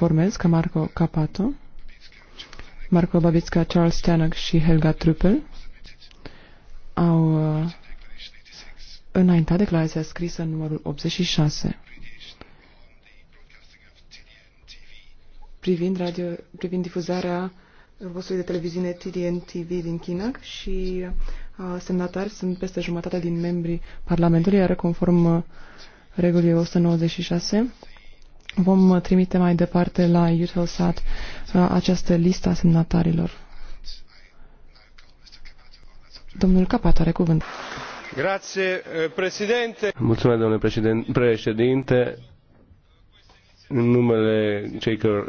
formez ca Marco Capato, Marco Babitska, Charles Tanak și Helga Truppel au uh, înaintat declarația scrisă în numărul 86 privind, radio, privind difuzarea postului de televiziune TDN TV din China și uh, semnatari sunt peste jumătate din membrii Parlamentului, iar conform uh, regulii 196 Vom trimite mai departe la Eutelsat uh, această listă a semnatarilor. Domnul Capat are cuvânt. Grazie, uh, președinte. Mulțumesc, domnule președinte. președinte în numele cei care,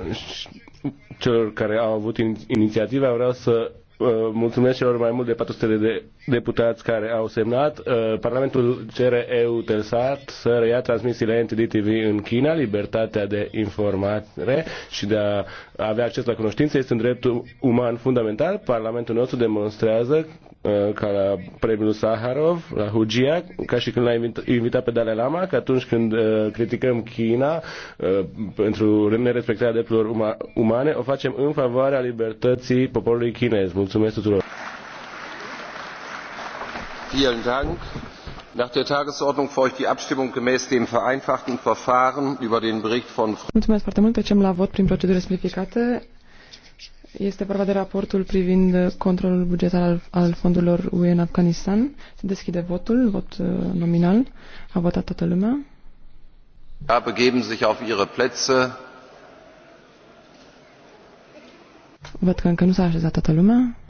celor care au avut inițiativa, vreau să Uh, mulțumesc celor mai mult de 400 de deputați care au semnat. Uh, Parlamentul cere EUTELSAT să reia transmisiile NTD-TV în China. Libertatea de informare și de a avea acces la cunoștințe este un drept uman fundamental. Parlamentul nostru demonstrează uh, ca la premiul Saharov, la Hugia, ca și când l-a invitat pe Dalai Lama, că atunci când uh, criticăm China uh, pentru nerespectarea drepturilor uma, umane, o facem în favoarea libertății poporului chinez. Mulțumesc. Mulțumesc tuturor! Vielen Dank. Nach der Tagesordnung folgt die Abstimmung gemäß dem vereinfachten Verfahren über den Bericht von Mulțumesc foarte mult. Trecem la vot prin procedură simplificată. Este vorba de raportul privind controlul bugetar al, al fondurilor UE în Afganistan. Se deschide votul, vot uh, nominal. A votat toată lumea. Da, begeben sich auf ihre Plätze. Văd că încă nu s-a așezat toată lumea.